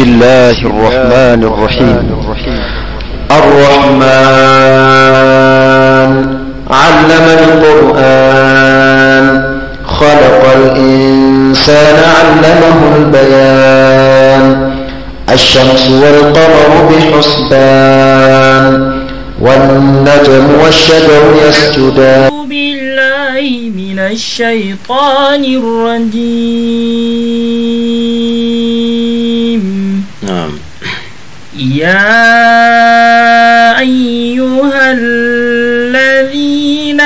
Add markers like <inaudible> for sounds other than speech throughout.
بسم الله الرحمن الرحيم الرحمن علم القرآن خلق الإنسان علمه البيان الشمس والقمر بحسبان والنجم والشجر يسجدان بالله من الشيطان الرجيم الذين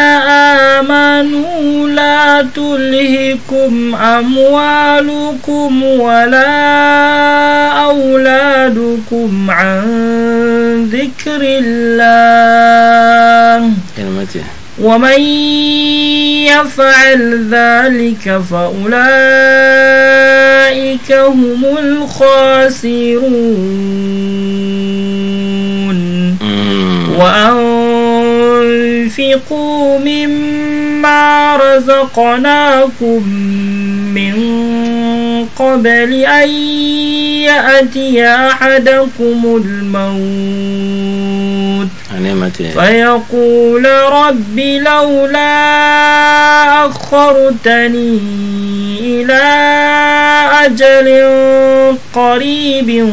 آمنوا لا تلهكم أموالكم ولا أولادكم عن ذكر الله ومن يفعل ذلك فأولئك هم الخاسرون وأن تنفقوا مما رزقناكم من قبل أن يأتي أحدكم الموت فيقول رب لولا أخرتني إلى أجل قريب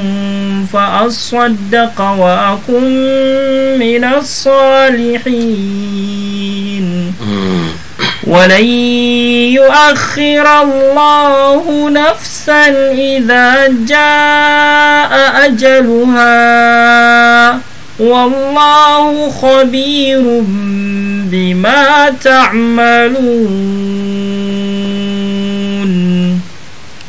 فأصدق وأكن من الصالحين ولن يؤخر الله نفسا إذا جاء أجلها والله خبير بما تعملون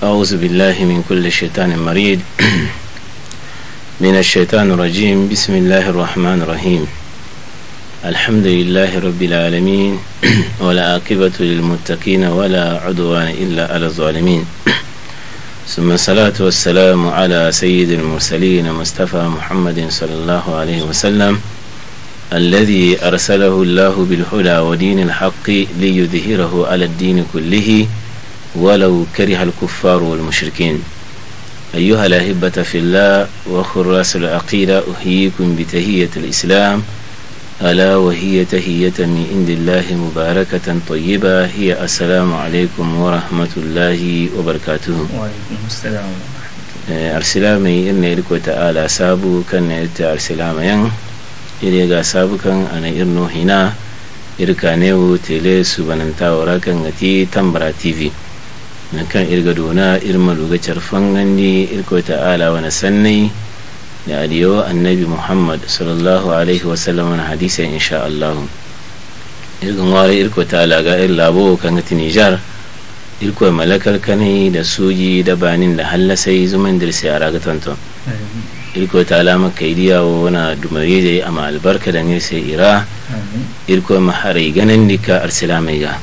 أعوذ بالله من كل شيطان مريد <clears throat> من الشيطان الرجيم بسم الله الرحمن الرحيم الحمد لله رب العالمين <clears throat> ولا عاقبة للمتقين ولا عدوان إلا على الظالمين <clears throat> ثم الصلاة والسلام على سيد المرسلين مصطفى محمد صلى الله عليه وسلم الذي أرسله الله بالهدى ودين الحق ليظهره على الدين كله ولو كره الكفار والمشركين أيها الأحبة في الله وخراس العقيدة أحييكم بتهية الإسلام ألا وهي تهية من mi indillahi mubarakatan طيبة هي asalamu عليكم ورحمة الله وبركاته وعليكم السلام arsilamai irin irko ta'ala sabu kan na irta arsilamayan iri ga sabu kan ana irno hina irka newu tele su bananta wara kan gati tambara tv na kan irga dona irma lugacar fangandi irko ta'ala wani sannai da adiyawa annabi muhammad sallallahu alaihi wasallam na hadisa insha Allah irgan wari irko ta laga irin labo kan gati nijar irko malakar kanai da suji da banin da hallasai zuman dirse a raga tonton irko ta alama wa wana dumari da yi ama albarka da nirse ira irko maharai ganin dika arsilamai ga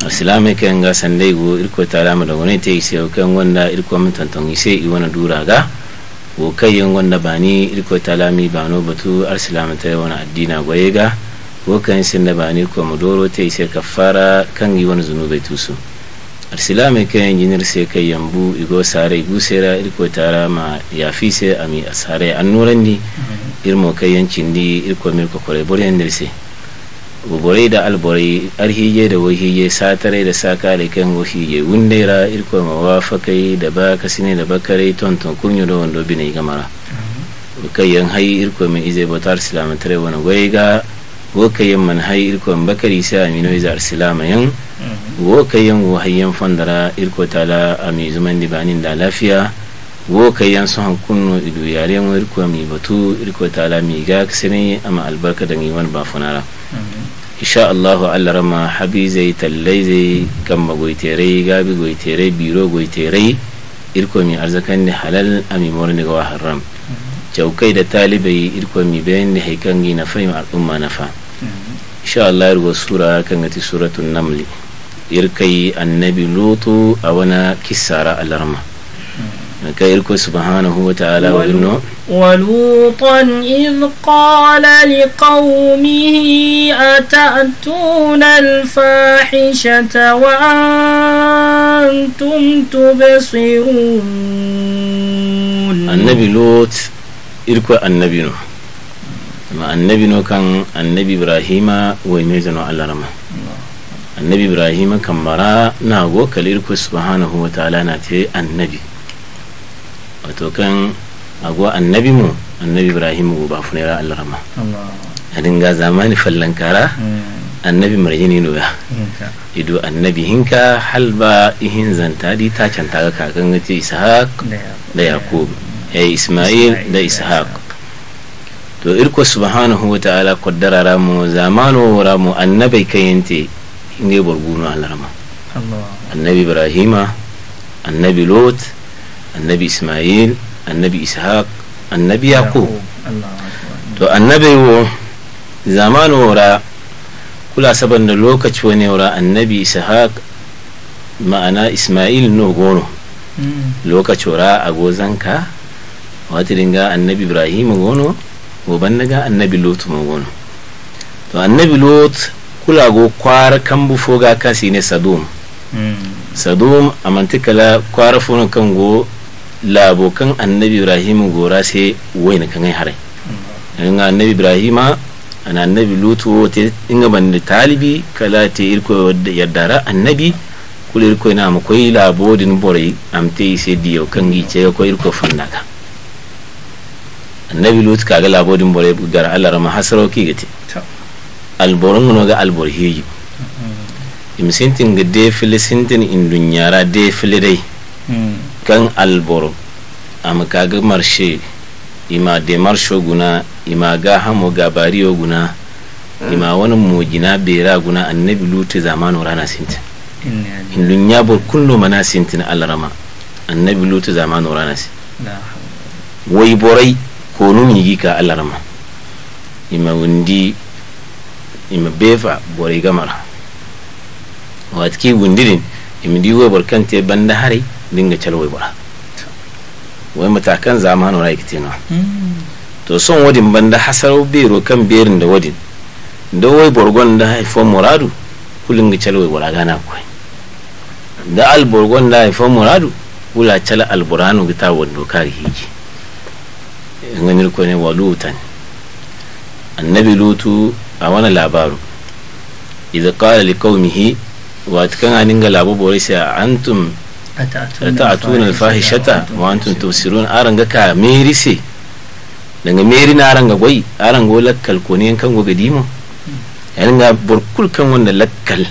arsilamai kan ga sandai go irko ta alama da wani ta yi sai kan wanda irko mutantan yi sai i wani dura ga wo wanda ba bani irko talami bano batu arsilama ta wani addina goyega wo da ba bani ko modoro te ka kafara kan yi wani zunube tusu arsilama kai injinir sai kai yambu igo sare igu sera irko ma ya fi sai ami a sare an nuran ni mhm. irmo kai yancindi irko mirko kore borendirse buburai da alburai arhije da wahije satare da sakare kan wahije wundera irko ma wafakai da ba kasine da bakare tonton kunyo da wando bine gamara mhm. kai yan hai irko min izai batar tare wani gwai ga wokayen man hai irko min bakari sa amino iza arsilamayan mhm. wokayen wahayen fandara irko tala a mai zuman dibanin da lafiya wo kai yan sun kunno idu yare yaren irko mi batu irko tala mi ga kasine ama albarka da ngiwan ba funara insha allahu zai habizai tallaizai gamma goiterai gabi goiterai biro goiterai irko mi arzakan ni halal ami morni ga haram jaukai da talibai irko mi bayan ni haikan na fahim al'umma na fa insha allah irgo sura kan gati suratun namli irkai annabi lutu a wana kisara alarma كيركو سبحانه وتعالى وإنه ولوطا إذ قال لقومه أتأتون الفاحشة وأنتم تبصرون النبي لوط إركو النبي نو ما النبي نو كان النبي إبراهيم ويميزنو على رمه النبي إبراهيم kammara na go kalir ku subhanahu wa ta'ala wato kan agwa annabi mu annabi ibrahim ba funera alrama a dinga zamani fallan kara hmm. annabi marjini noya ido annabi hinka halba ihin zanta di ta canta ga kakan gace ishaq da yakub hmm. ya isma'il da ishaq to irko subhanahu wa ta'ala qaddara ramu zamanu ramu annabi kayente inge borguno alrama annabi ibrahima annabi lot annabi ismail annabi ishaq annabi yaqub to annabi wo zamanu wora kula saban da lokaci wani wora annabi ishaq ma'ana ismail no gono hmm. lokaci wora a gozan ka wata dinga annabi ibrahim gono goban naga annabi lot ma gono to annabi lot kula go kwar kan bufo ga kasi ne sadum hmm. sadum amantikala kwar funun kan go labokan annabi ibrahim gora sai wayna kan ngai harai nga annabi ibrahima ana annabi lutu te inga ban talibi kala te irko ra. annabi kul irko na mu koy labodin borai amte sai diyo kan gi ce ko irko fannaka annabi lutu kaga labodin borai gar Allah rama hasaro ki gate alborun no ga alborhiji imsintin ga de filisintin in dunyara de dai. Mm. kan albor a makagar marshe ima demarsho guna ima ga hamo gabariyo guna hmm. ima wani mogina bera guna annabi lutu zamanu rana sintin hindun ya bor kullu mana sintin alrama annabi lutu zamanu rana si wai borai ko num yigi ka alrama ima wundi ima befa borai gamara watki wundirin imdi wo bor kante banda hari dinga calwai bura wai matakan zamanin rai kite na to son wadin banda hasaro biro kan berin da wadin da wai borgon da haifon muradu kulin ga calwai bura gana kwai da al borgon da haifon muradu kula cala ga ta wando kare hiji ga nirko ne wa lutan annabi lutu a wani labaru idza qala liqaumihi wa hannun aninga labo borise antum ta atuna alfahishata wa antum tubsirun aranga ka meri daga meri na aranga gwai aranga wala kalkoni kan go gadimo yan ga burkul kan wanda lakkal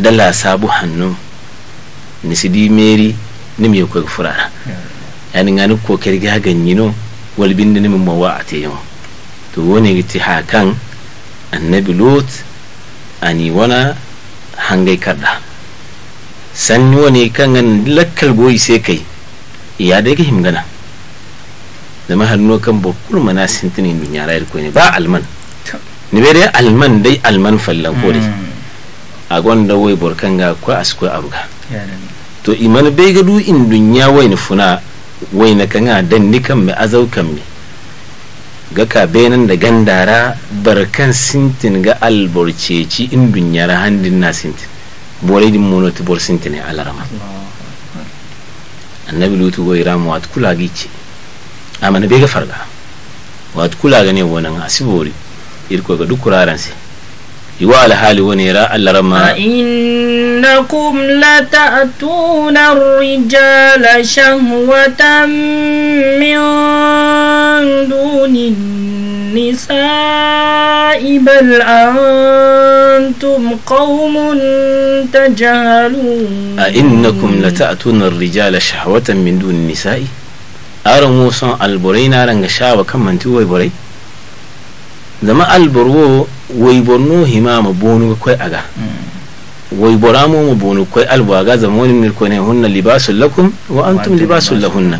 dala sabu hannu ni sidi meri ni mi ko furara yan ga ni ko kirga ganyino wal bindi ni mun mawa ateyo to woni giti hakan annabi lut ani wana hangai kada sanyo ne kan an lakkal goyi sai kai ya da yake himgana da hannu kan bokul mana sintini min yara yarko ne ba alman ni bai dai alman dai alman fallan ko dai a gwanda wai burkan ga ko suka abuga to iman bai ga du in dunya wai ni funa wai na kan dan ni kan mai azau kan mai ga ka benan da gandara barkan sintin ga alburceci in dunya handin na sintin bore di mono ti bor sintene ala rama annabi lutu go ira mu at kula gici amana be farga wat kula ga ne wonan asibori irko ga duk kuraran sai يوالا هالي ونيرا ألا رما إنكم لتأتون الرجال شهوة من دون النساء بل أنتم قوم تجهلون أئنكم لتأتون الرجال شهوة من دون النساء أرموصا البرين أرنغ شاوة كم من توي برين zama alborwo waiborno himama bonu koi aga waibora mu bonu koi albo aga zama wani mirko ne hunna libasun lakum wa antum libasun lahunna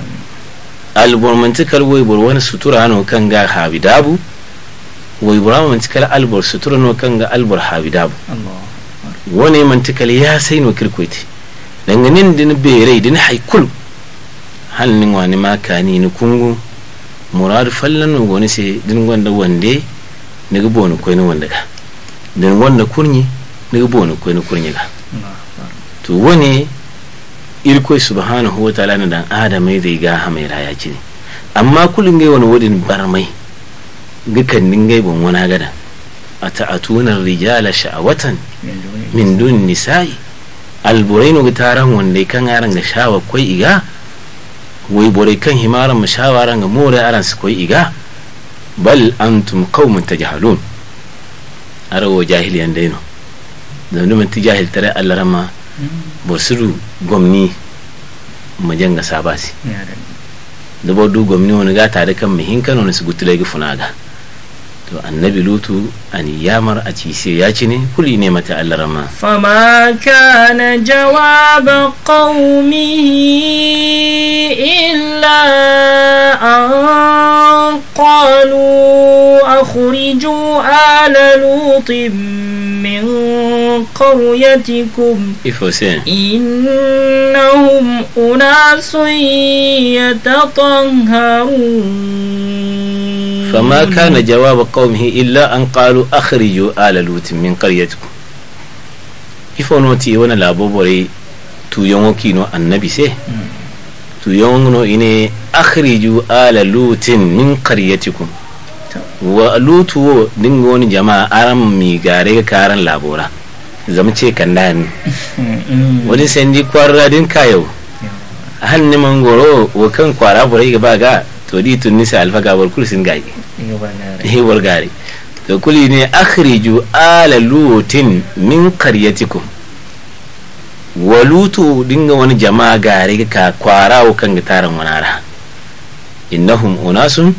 albor mantikal waibor wani sutura no kan ga habidabu man mantikal albor sutura no kan ga albor habidabu wani mantikal ya sai no kirkwiti danganin din berai din haikul hannun wani makani ni kungu muradu fallan wani sai din gwanda wande niga bonu koy ni wanda ga den wanda kurnyi niga bonu koy ni kurnyi ga to wani irkoi subhanahu wa ta'ala na dan adamai zai ga mai raya cini amma kullum gai wani wadin barmai dukan ningai bon wani gada a ta'atunan rijala sha'awatan min dun nisa'i alburainu ga taron wanda kan aran ga shawa kwai iga wai borai kan himaran mu ga more aran su kwai iga bal antum qaumun tajhalun arawo jahil yan dan mun ti jahil tare allarama hmm. bosuru gomni janga sabasi da bodu gomni wani ga tare kan mihin kan wani su gutule ga funaga to annabi lutu an yamar a cise ya ci ne kuli ne mata fa fama kana jawaba qaumi illa an قالوا أخرجوا آل لوط من قريتكم إنهم أناس يتطهرون فما كان جواب قومه إلا أن قالوا أخرجوا آل لوط من قريتكم ifonoti wona laabo bore tuyoŋo kino annabi se mm. to yawon ine akhriju ala lutin min qaryatikum wa lutuwo dinga wani jama'a aram mi gare karan labora zamce kan dani wani sanji kwarra din kayo hannu mangoro wa kan kwara burai ba ga to di tun nisa alfa gabar kursin gari hewar gari to kuli ne akhriju ala lutin min qaryatikum walutu dinga wani jama'a gare ka kwara wa kan gitaran wanara innahum unasun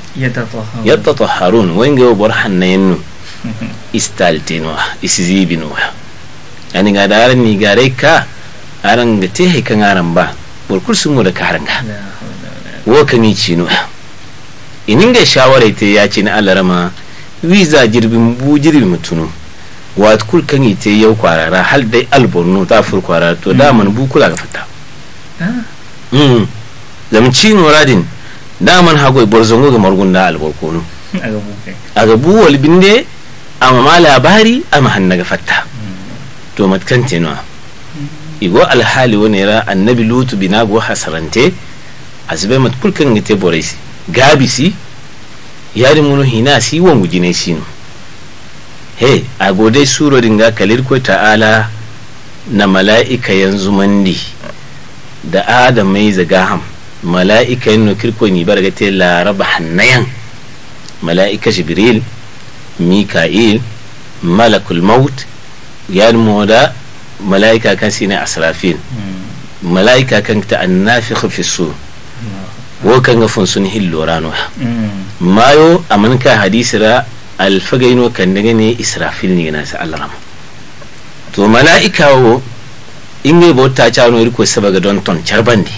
yatatahharun wanga wa barhan naynu <laughs> istaltinwa isizibinwa yani ga daran ni gare ka aran ga te kan aran ba burkul sun da karanga ga kan yi cinu inin ga shawara ta ya ce na Allah rama wiza jirbin bu jirbin mutunu wat kul kan ite yau kwarara hal dai alborno ta fur kwarara to da man bu kula ga fata ah. mm zam ci radin da man hago borzongo ga da alborkono <laughs> aga bu wal binde amma ma labari amma ga fata hmm. to matkan tenwa hmm. igo alhali wani ra annabi lutu go hasarante mat matkul kan te boraisi. gabisi yari muno hina si wangu jine he a gode suro dinga kalirko ta'ala na mala'ika yanzu mandi da adamai zagaham mala'ika yin nukirko ni bar gate laraba hannayan mala'ika jibril mika'il malakul maut yan moda mala'ika kan sine asrafin hmm. mala'ika kan ta annafi fi su hmm. wo kan ga funsun ranuwa hmm. mayo a amanka hadisira alfagaino kan daga ne israfil ne na sa allah to mala'ika wo in ne bauta ta no saba sabaga don ton charban ne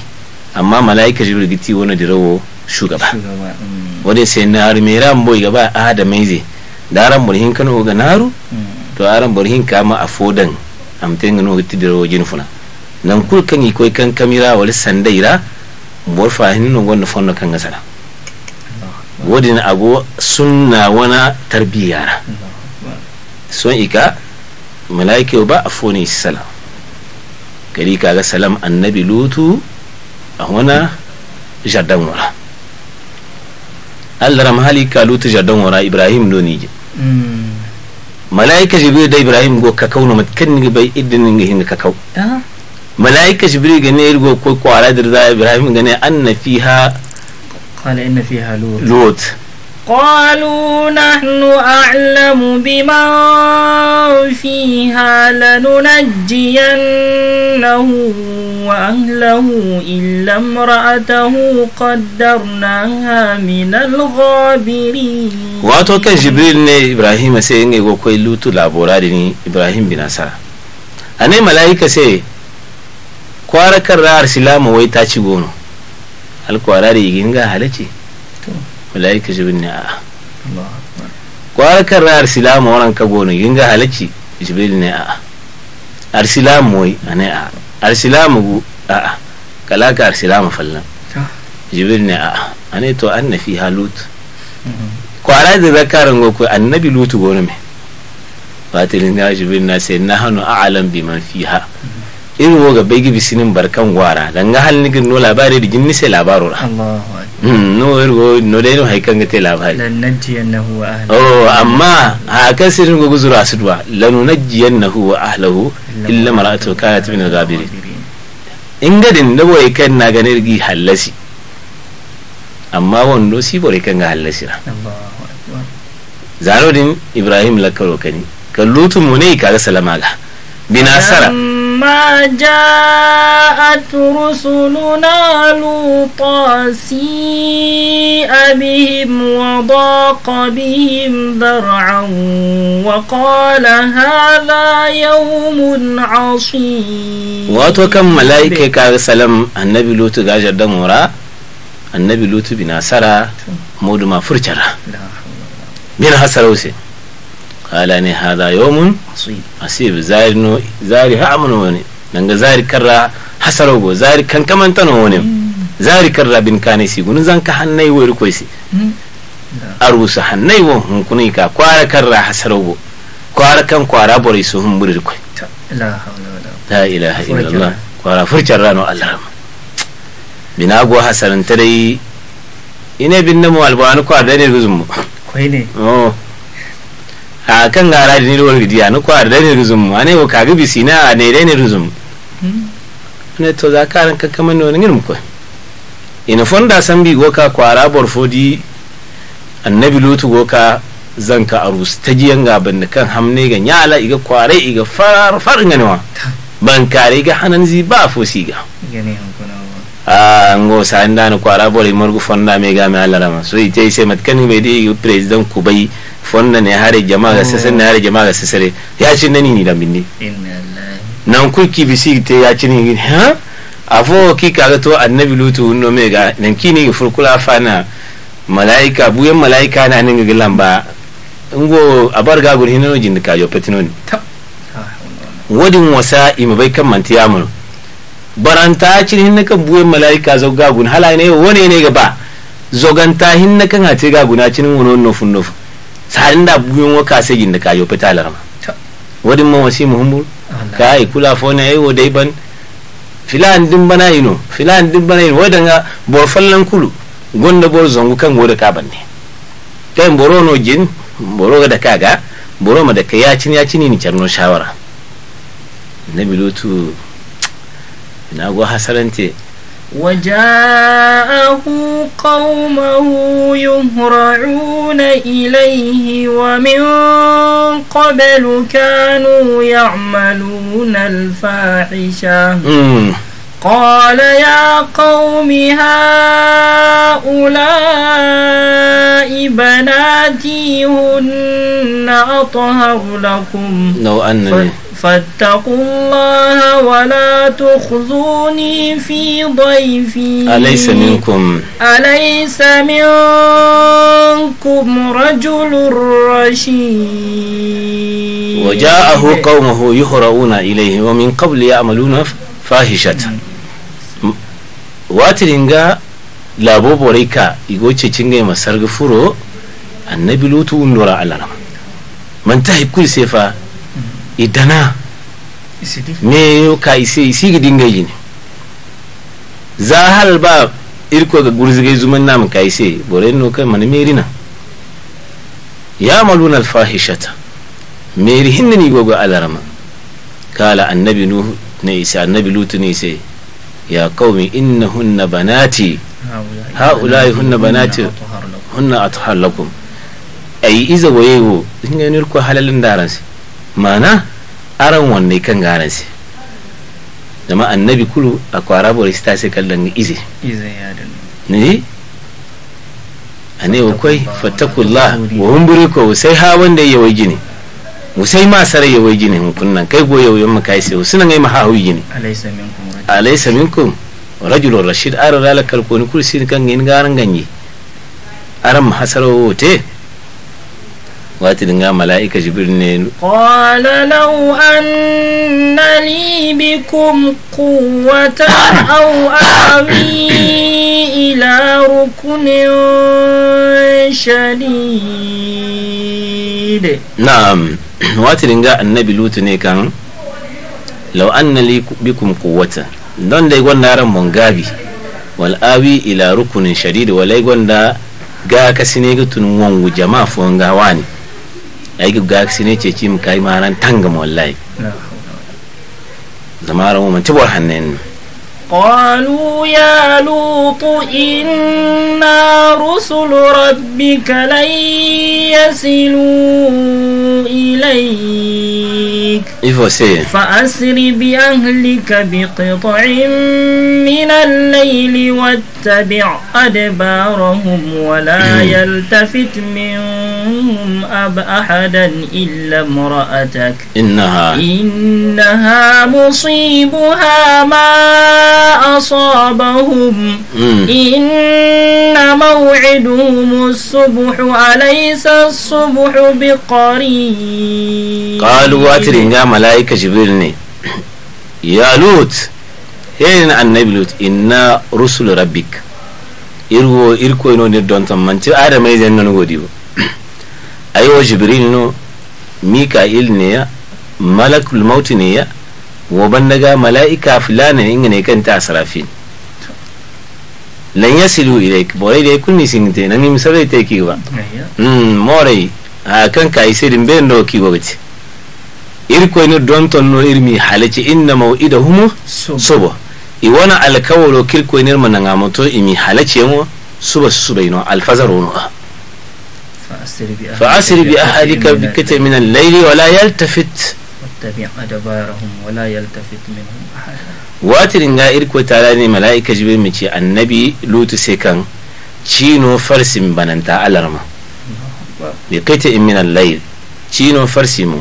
amma mala'ika jibril giti wani dirawo shugaba mm. wani sai na armera boy gaba a da maize da aran burhin kano ga naru mm. to aran burhin kama a fodan amten gano giti dirawo jinfuna nan kul kan kan kamira wal sandaira bor fahin no wani fonno kan gasara wadin abu suna wana tarbiyyara son ika malaike ba a fone salam gari kaga salam annabi lutu a wana jardin wara allah ramhali ka lutu jardin wara ibrahim doni je hmm. malaika jibril da ibrahim go ka kauna matkan ni bai idin ni hin ka kau ah. malaika jibril gane go ko kwara da ibrahim na fi ha. قال إن فيها لوط لوط قالوا نحن أعلم بمن فيها لننجينه وأهله إلا امرأته قدرناها من الغابرين واتو كان جبريل ني إبراهيم سيني وكوي لوتو لابوراري ني إبراهيم بن أسرى أنا ملائكة سي كوارا كرار سلام ويتاتي غونو alkwara da yigin ga halace wallahi ka jibin ne a kwara kan ra arsilama waran ka gona yigin ga halace jibin ne a arsilamu wai a ne a arsilamu gu a a ka arsilamu fallan jibin ne a a ne to an na fi halut mhm. kwara da zakarin goku annabi lutu gona mai batilin ya jibin na sai na hannu a'alam bi fi fiha mhm. irin iri woga begi sinin barkan gwara dan ga halin nigin no labari da ginni sai labaro ra hmm, no iri wo no dai no haikan ga te labari lan najiyannahu wa ahlihi oh amma a kan sirin go guzura sudwa lan najiyannahu wa ahlihi illa mar'atu kanat min al-ghabirin in gadin da boye kan na ganin gi hallasi amma wando si bore kan ga hallasi ra zarodin ibrahim lakaro kani kallutu munai kaga salama ga binasara فلما جاءت رسلنا لوطا سيء بهم وضاق بهم ذرعا وقال هذا يوم عصيب واتو كم ملائكة كاغ سلام النبي لوط غاجر دمورا النبي لوط بنا سرا نعم. مودما فرجرا بنا حسروسي kala ne hada yomun asib zari no zari ha amno wani nanga zari karra hasarogo zari kan kamantano wani zari karra bin kane si gunun zanka hannai wori koisi arusa hannai won hun kunai ka kwara karra hasarogo kwara kan kwara bori su hun buri koi la ilaha illallah kwara furcar rano allah bina go hasaran tare ine bin namu albanu kwara da ne guzummu koi ne oh a kan gara da ni wargi diya ni kwa da ne ruzum a ne ka ga bisi na a ne da ne ruzum hmm. ne to za ka ran kakkama ne wani irin kwa ina fonda san bi goka kwara borfodi annabi lutu goka zanka a rusu ta jiyan gaban da kan hamne ga nyala iga kware iga farar farin ganewa ban kare ga hanan zi ba fosi ga a ngo sa inda na kwara bore margu fonda me ga me Allah rama so ite sai matkani bai dai president kubai fonna ne hare jama'a sese ne hare jama'a ga sese ya ci nani ni dambinde nan ku ki bisi te ya ci ni ha afo ki ga to annabi lutu no me ga nan ki ne furkula fana malaika buyan malaika na nan ga lamba ngo abar ga gurin no jin ka yo ni wadin wasa ima bai kan mantiya mun baranta cin hinna kan buyan malaika zo gun hala ne wane ne ga ba zoganta na kan ga guna cinin wono nofun nofun da buyon waka segin da kayo peta larama wadin ma wasi muhumbur ah, ka yi kula fona ai wa dai ban filan din bana ino filan din bana ino wadanga bor fallan kulu gonda bor zongu kan woda ka banne kai boro no jin boro ga da kaga boro ma da ka ya cin ya cin ni charno shawara na bilotu na go hasarante وجاءه قومه يهرعون إليه ومن قبل كانوا يعملون الفاحشة قال يا قوم هؤلاء بناتي هن أطهر لكم لو أنني فاتقوا الله ولا تخزوني في ضيفي أليس منكم أليس منكم رجل رشيد وجاءه قومه يهرؤون إليه ومن قبل يعملون فاحشة watiringa labo borika igoce cinga masarga furo annabi lutu nura alara من تهي kul سيفا idana ne ka ise isi ga dinga yi ne za hal ba irko ga gurzige zuman namu ka ise bore no kai meri merina ya maluna alfahishata meri hinna ni gogo alarama kala annabi nuhu ne isa annabi lutu ne ise ya qaumi innahunna banati haula'i hunna banati hunna athhar lakum ay iza wayewo inga ko halalin daransi mana aran wanne kan garan si jama'a annabi kulu a kwara bori sta sai kallon izi ize ya dan ne ane wakwai fattakullah wa humburi ko sai ha wanda ya wai gini musai ma sarai ya wai gini hukunnan kai goye wayan mu kai sai sunan ai mahawi gini alaysa minkum alaysa minkum rajulun rashid ar ralakal ko ni kursi kan yin garan ganye aran mahasaro te wati dinga mala'ika jibril ne qala law anna li bikum quwwatan aw awi ila rukunin shadid na'am <clears throat> wati dinga annabi lutu ne kan law anna li bikum quwwatan don dai gwanda ran mongabi wal awi ila rukunin shadid walai gwanda ga kasine gutun wangu jama'a fuwan gawa aigi gaksi ne ce ci kai maran tanga wallahi zamara mu manci bor hannen قالوا يا لوط إنا رسل ربك لن يصلوا إليك فأسر بأهلك بقطع من الليل واتبع أدبارهم ولا <clears throat> يلتفت من منهم أب أحدا إلا امرأتك إنها إنها مصيبها ما أصابهم مم. إن موعدهم الصبح أليس الصبح بقريب قالوا واترين يا ملائكة جبريل يا لوط henin annabi lut inna rusul rabbik irwo irko ino ne don tammanci adamai zan nan godiyo aiwa jibril no mika'il ne ya malakul maut ne ya wo bandaga mala'ika fulana inga ne kanta asrafin lan yasilu ilayk boray de kunni singte nani misare te kiwa mm moray a kan kai sirin ben do kiwa bati irko no don ton no irmi halaci inna mau'idahum subo i wana alkawalo kirko nirma nanga moto imi halaci mo suba subaino alfazaro no فأسر بأهلك بكتة من الليل ولا يلتفت واتبع أدبارهم ولا يلتفت منهم أحد watirin ga irko tare ne mala'ika jibril annabi lutu sai kan cino farsin bananta alarma bi kaita in min al cino farsimu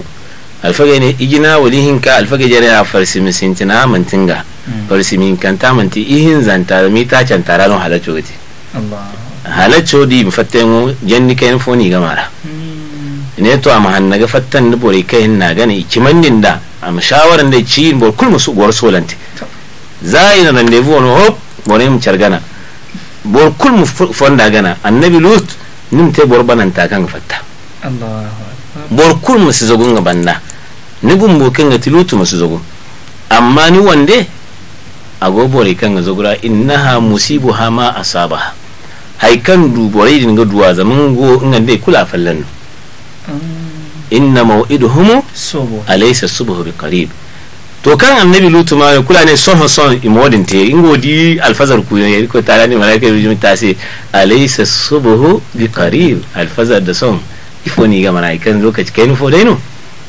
alfaga ne igina walihin ka alfaga jere sintina mantinga farsimin kan ta manti ihin zanta mi ta can tararon halatu gati hala chodi bi yin jenni kayan foni da hmm. ne to a mahan ga fattan ni bore kayan na gane kimannin da a shawaran da ci bor kul musu za a yi na rendezvous no hop bore mu gana bor kul mu fonda gana annabi lut nim te bor banan ta kan fatta bor kul su zagun ga banda ni gumbo bokin ga tilutu musu zagun amma ni wande a bore kan ga zagura innaha musibuha ma asabaha haikan kan da ga duwa zaman go ina bai kula fallan inna maw'iduhum subuh alaysa bi qarib to kan annabi lutu ma kula ne son son imodin te ingo di alfazar ku ne ko tare ne malaika bi ta se alaysa bi qarib alfazar da son ifoni ga malaikan lokaci kai ni fo dai no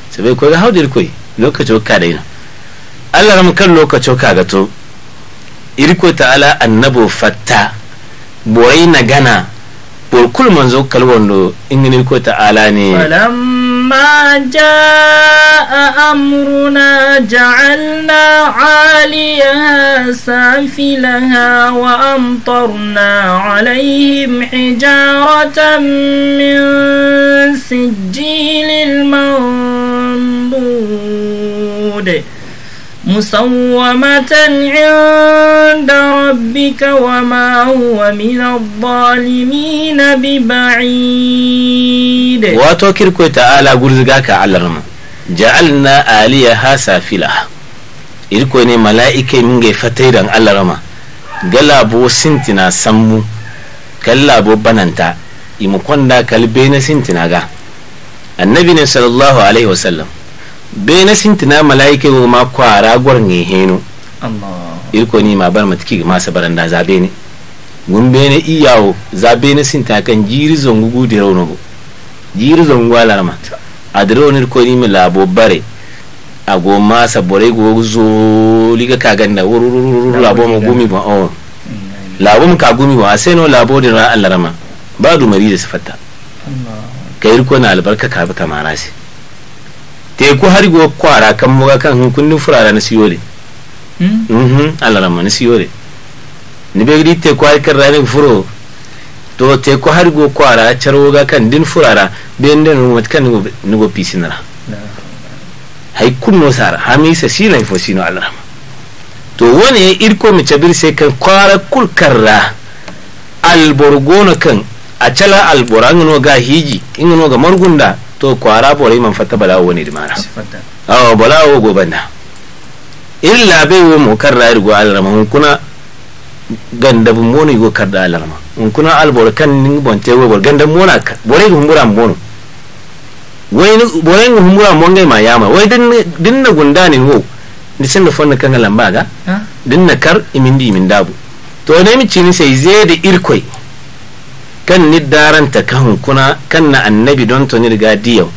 sabai ko ga haudir koi lokaci ka dai no Allah ram kan lokaci ka ga to irko ta'ala annabo fatta borai na gana burkul manzo kalwando ingini ko ta'ala ne فلما جاء أمرنا جعلنا عاليها سافلها وأمطرنا عليهم حجارة من سجيل المنضود musawwamatan inda rabbika wa ma huwa min al-zalimin bi ba'id wa to kirko ta'ala gurziga ka alarma ja'alna aliya hasafila irko ne mala'ikai mun ga fatai dan alarma galabo sintina sammu kallabo bananta imkon da kalbe na sintina ga annabi ne sallallahu alaihi wasallam bai na sintina malaike wo ma kwara gwar ngi heno irko ni ma bar matiki ga sabaran baranda zabe ne mun bai na iyawo zabe ne sinta kan jiri zongu gude rauna go jiri zongu alarma adro ne ko ni mi labo bare a goma sabore go zo liga ka ganda wurururu labo ma gumi ba awon labo ka gumi ba sai no labo da alarma ba du mari da sifata ka irko na albarka ka bi a sai te ku har go kwara kan mu kan hun furara na siyo hmm? mhm mm alara ma na ni be gidi te ku har kan rani furo to te ku har go kwara charo ga kan din furara be nden mu kan ni go pisinara hay kunno sara sa sina fo sino alara to wani irko mi cabir sai kan kwara kul karra na kan a cala alborangano ga hiji ingano ga margunda so kwara bore man fata balawo woni dimara aw balawo go na illa be wo mo karra irgo alarma mun kuna ganda bu mono go karda alarma mun kuna albor kan ning bonte wo bor ganda mona ka bore go humbura mono wai bore go humbura monga ma yama wai din din na gunda ne ho ni da fonna kan lamba ga din na kar imindi imindabu to ne mi cini sai da irkoi kan ni daranta kahun kuna kan na annabi don to ni riga diyau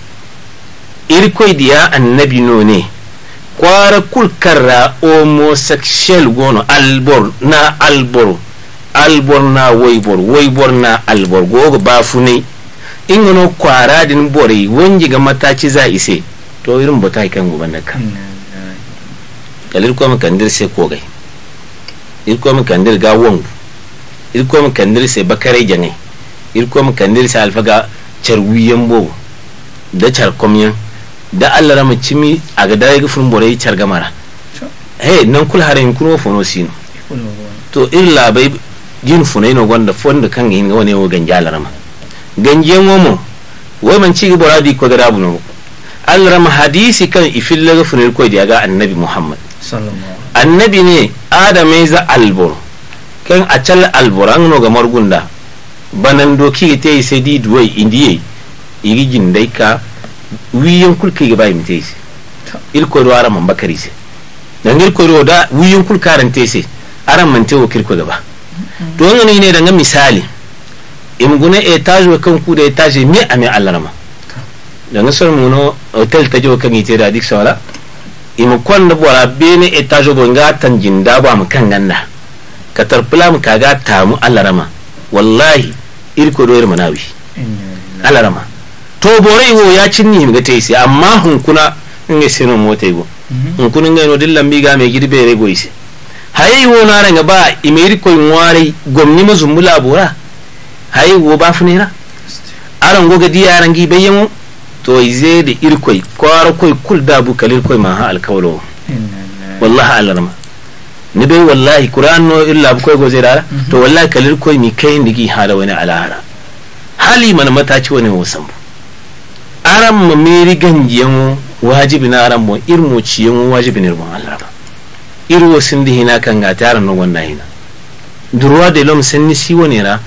irkoi diya annabi no ne kwara kulkarra homosexual gono albor na albor albor na waibor waibor na albor gogo bafu ne gano kwara din bore wanji ga mataci za ise to irin bata kan goban da kan mm, kalir mm, mm. kuma kandir sai kogai irko kandir ga wangu irko kandir sai bakare jangai mu kandir sa alfaga charwiyan bo da charkomyan da Allah rama cimi a ga dai gufun borai gamara he nan kul harin kuno fono sino to illa bai jin funai no gonda fonda kan yin wani wo ganja Allah rama ganjen mo wai man ci bora di ko bu no Allah rama hadisi kan la gufun ko ga annabi Muhammad annabi ne adamai za albor kan a cal alburan no ga margunda banando kigitei sedi duwai indiyei igi jindai ka kulka kul bayan ta yi sai ilko ara man bakari se dan il kodo da wiyon kul karante se ara man tewo kirko gaba to mm-hmm. wani ne daga misali in guna etage kan ku da etage mi ami allarama daga sor mu no hotel tajo kan ita da dik sawala in kon da bora bene etage go ga tan da ba mu kan ganna katar plan kaga tamu ma wallahi irko doyar manawi alarama to borai wo ya cinni mi gata isi amma hunkuna nge sino mota yi go mhm. hunkunin no dillan mi ga me girbe rego isi hayi wo na ranga ba ime irko in ware gomni mula bora hayi wo ba nera aran goga diya rangi bayyano to zai da irko kwara koi kul da bukalir koi ma ha alkawalo wallaha alarama ni bai wallahi qur'an no illa ko go zai rara mhm. to wallahi kalir koi mi kai ndigi hala wani alahara hali man mata ci wani wasan aram mu meri jiyan wajibi na aram mu irmo yan wajibi ne ruwan Allah ba irwo sin di hina kan ga taran no wannan hina durwa da lom sin ni si wani ra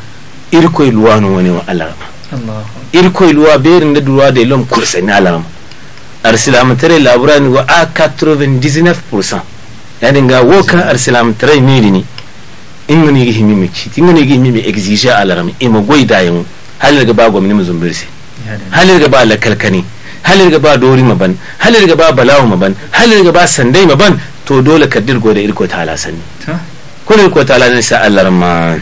koi luwa no wani wa Allah ba koi luwa berin da durwa da lom ni Allah ba tare laburan wa a 99% yadinga wo woka arsilam tray mirini ingani gi himimi ci in ga ingani gi himimi exige a alaram ima goy dayin halin ga ba gwamnati mu zumbirse halin ga ba lakalkani halin ga ba dori maban halin ga ba balawu maban halin ga ba sandai maban to dole kaddir da irko ta ala sanni kun irko ta ala ne sa Allah rahman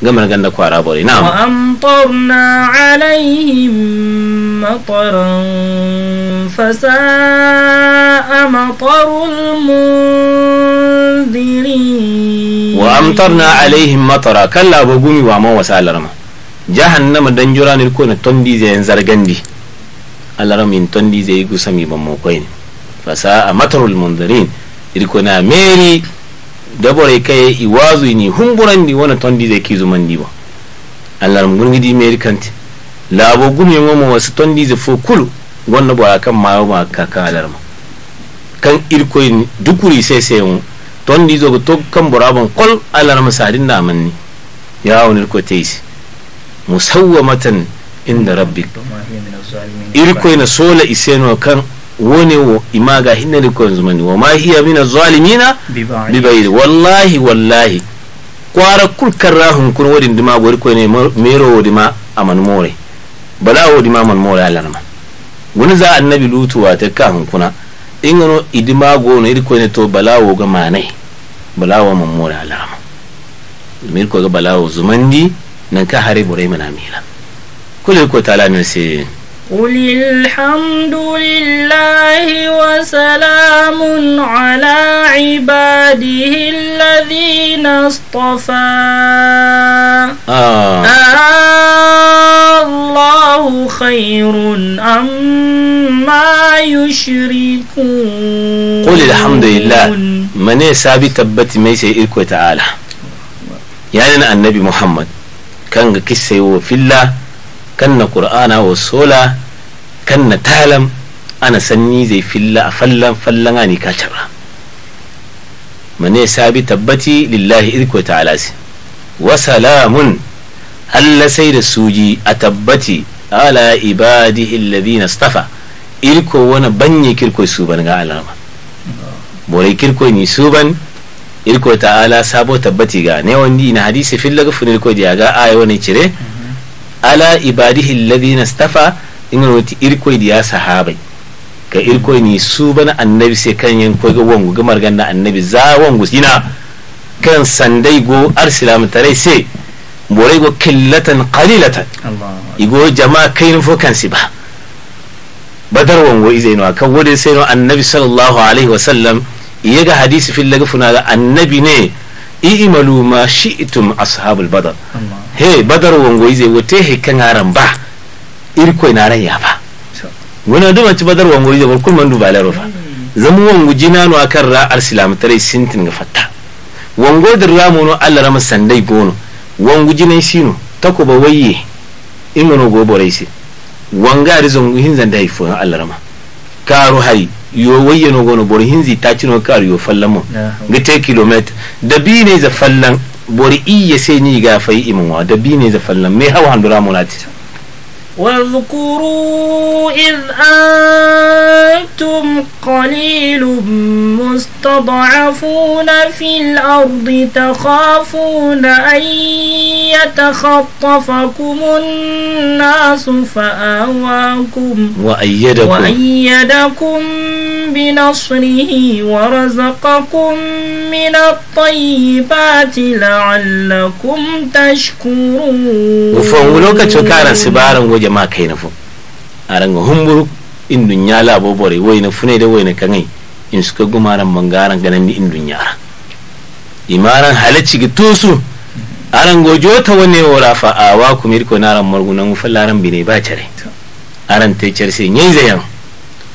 gamar ganda kwara bore na wa amtarna alaihim mataran a matarul munzirin wa amtarna alaihim matara kalla ba gumi wa ma wasalar ma jahannama dan jura ne ko na tondi zai yan zargandi alaram in tondi zai gusa mi ban mo koyin fasa'a matarul munzirin irko na meri dabore kai i humburan ni wana tondi de kiisumandi bo allah di gurgidi meri kanti gumi gume momo wasu tondise fo kulu gonno kan mayo mayoma ka alarma kan ni dukuri sai sese o tondiso ko tog kan buraban kol alarma sadinda manni yawonir ko teisi musawwamatan inda rabbik ina soola iseno kan wone imaga hinnani konzumani wa ma hiya min azalimina bi bayri wallahi wallahi kwara kul karrahun kun wadin dima gori ko ne mero dima aman more bala wodi ma man more nama guni za annabi lutu wa ta kan kuna in gano idima go ne irko ne to bala wo ga manai bala wo man more nama mir ko ga bala wo zumandi nan ka hare bore mana mila kulil ko talamin ne sai قل الحمد لله وسلام على عباده الذين اصطفى آه. آه الله خير أم ما يشركون قل الحمد لله من سابي تبت ميسي إلكو تعالى يعني النبي محمد كان كسي في الله kanna qur'ana wa sola kanna talam ana sanni zai filla a fallan fallan ani ka cara mane sabi tabbati lillahi irko ta'ala si wa salamun da suji a tabbati ala ibadihi na stafa irko wani banye kirko su ban ga alama bore kirko ni su ban irko ta'ala sabo tabbati ga ne wani na hadisi filla ga funirko da ga ayi wani cire ala ibadihi alladhina stafa ina wati irkoy diya sahabai ka irkoi ni su bana annabi sai kan yan koy wangu ga marganna annabi za wangu sina kan sandai go arsilam tare sai borai go killatan qalilatan igo jama'a kain fo kan si ba badar wangu izai no kan wode sai no annabi sallallahu alaihi wasallam iyaga hadisi fil laga funa annabi ne i'malu ma shi'tum ashabul badar he badar wangoize wote he kan kangaran ba irko inaran ya ba wani duma ci badar wangoize wal kulman mandu ba fa hmm. zamu wangu jinanu akan ra arsilam tare sintin ga fatta wango da ruwa mono Allah rama sandai gono wangu jinan sino tako ba waye imano go borai si wanga da rizon hin zanda ifo na Allah rama karu hari yo waye no gono bor hinzi ta cino karu yo fallamo ga 10 kilometer da bi ne za fallan bori iya sai ni ga fai imin wa da bi ne zafallan fallan me hawa handura mulati واذكروا إذ أنتم قليل مستضعفون في الأرض تخافون أن يتخطفكم الناس فآواكم وأيدكم, وأيدكم بنصره ورزقكم من الطيبات لعلكم تشكرون وفهم لوكا تشكارا سبارا وجه ma kai na fu ranga humburu in dunya la bo bore fune da na kangai in suka ran mangaran ganan ni in dunya imaran halacci ga tusu aran ranga jota wane wora fa awa kumir na naran margunan bi ne ba cire ran ta cire sai nyi zayan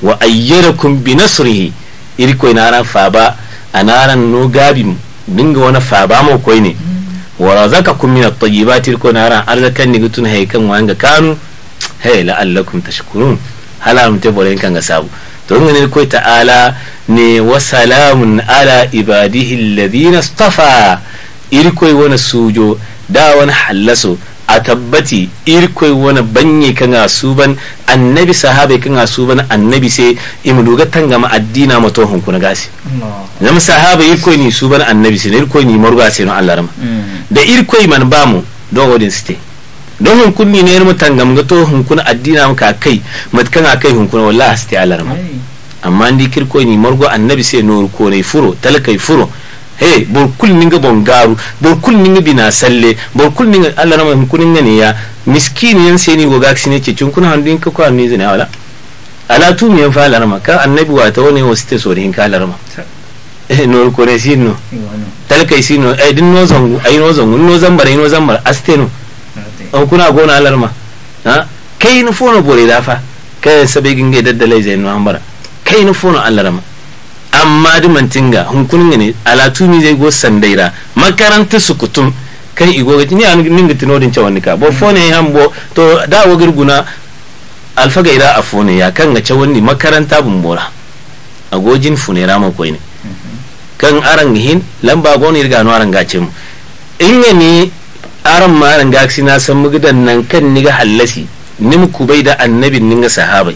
wa ayyarakum bi nasrihi irko ran fa ba ran no gabi dinga wani fa ba mu koi ne wa kum min at-tayyibati irko naran arzakan ni gutun haykan wanga kanu hey la'allakum tashkurun hala mun tebore kan ga sabu to ngene ko ta'ala ne wa salamun ala ibadihi alladhina istafa irkoi wani sujo da wani hallaso a tabbati irkoi wani banye kan suban annabi sahabe kan suban annabi sai imu doga ma addina mato hunku na gasi zama sahabe irkoi ni suban annabi sai irkoi ni maruga sai no Allah rama mm. da irkoi man bamu don godin state don hunkun mi ne mu to hunkun addina muka kai matkan akai hunkun wallahi asti alarma amma ndi kirko ni margo annabi sai no ko ne furo talakai furo he bor kul ninga bongaru bor kul ninga bina salle bor kul ninga alarma hunkun ne ya miskini yan sai ni go sine ne ce kun handin ka ko ne zina wala ala tu mi yan fa alarma ka annabi wa ta wani wasu te so ne ka alarma <laughs> eh, nor ko ne sino talakai sino ai eh, din no zangu ai no zangu no zambar ai no zambar asteno kuna gona alarma ha kai ni fono bore da fa kai sabai ginge daddale zai no ambara kai ni fono alarma amma di mantinga hunkunin ne alatu ni zai go sandaira makaranta su kutum kan igo ga ni an ninga tinodin cewa nika bo fone hambo to da wa girguna alfaga ira a fone ya kan ga cewa ni makaranta a gojin funera ma ne mhm. kan aran hin lamba goni irga no aran gace mu in ne aran maran gaksi na san mugidan nan kan ni ga hallasi nim kubai da annabin ga sahabai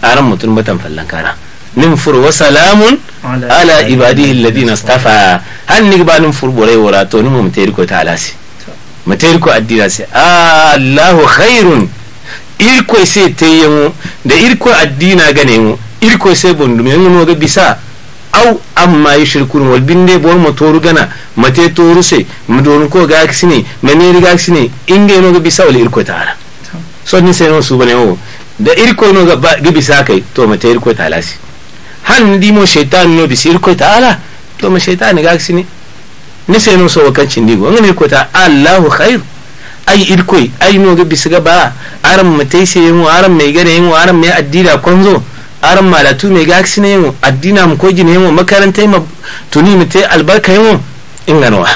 aran mutum batan fallan kara nim fur wa salamun ala ibadihi alladhina istafa han ni ba nim fur borai wala to nim mu tayir ko ta alasi mu tayir ko addina sai ah, allahu khairun irko sai tayyin da irko addina gane mu irko sai bondume mu ga bisa Au amma shirkun wal ne bor ma toru gana mate toru se don ko gaksine maneri gaksine inge no ga bisawal irko ala. so ni sai no bane o da irko no ga bisa kai to mate irko taala si han di mo shaytan no bisa irko ala to ma shaytan gaksine ni sai no so wakancin digo ne ko ta allahu khair ai irkoi ai no ga bisa ga ba aram mate sai mu aram mai gane mu aram mai addida konzo aran malatu mai ga aksi ne mo addina mu ko gine mo makaranta ma tuni mu te albarka mo inganwa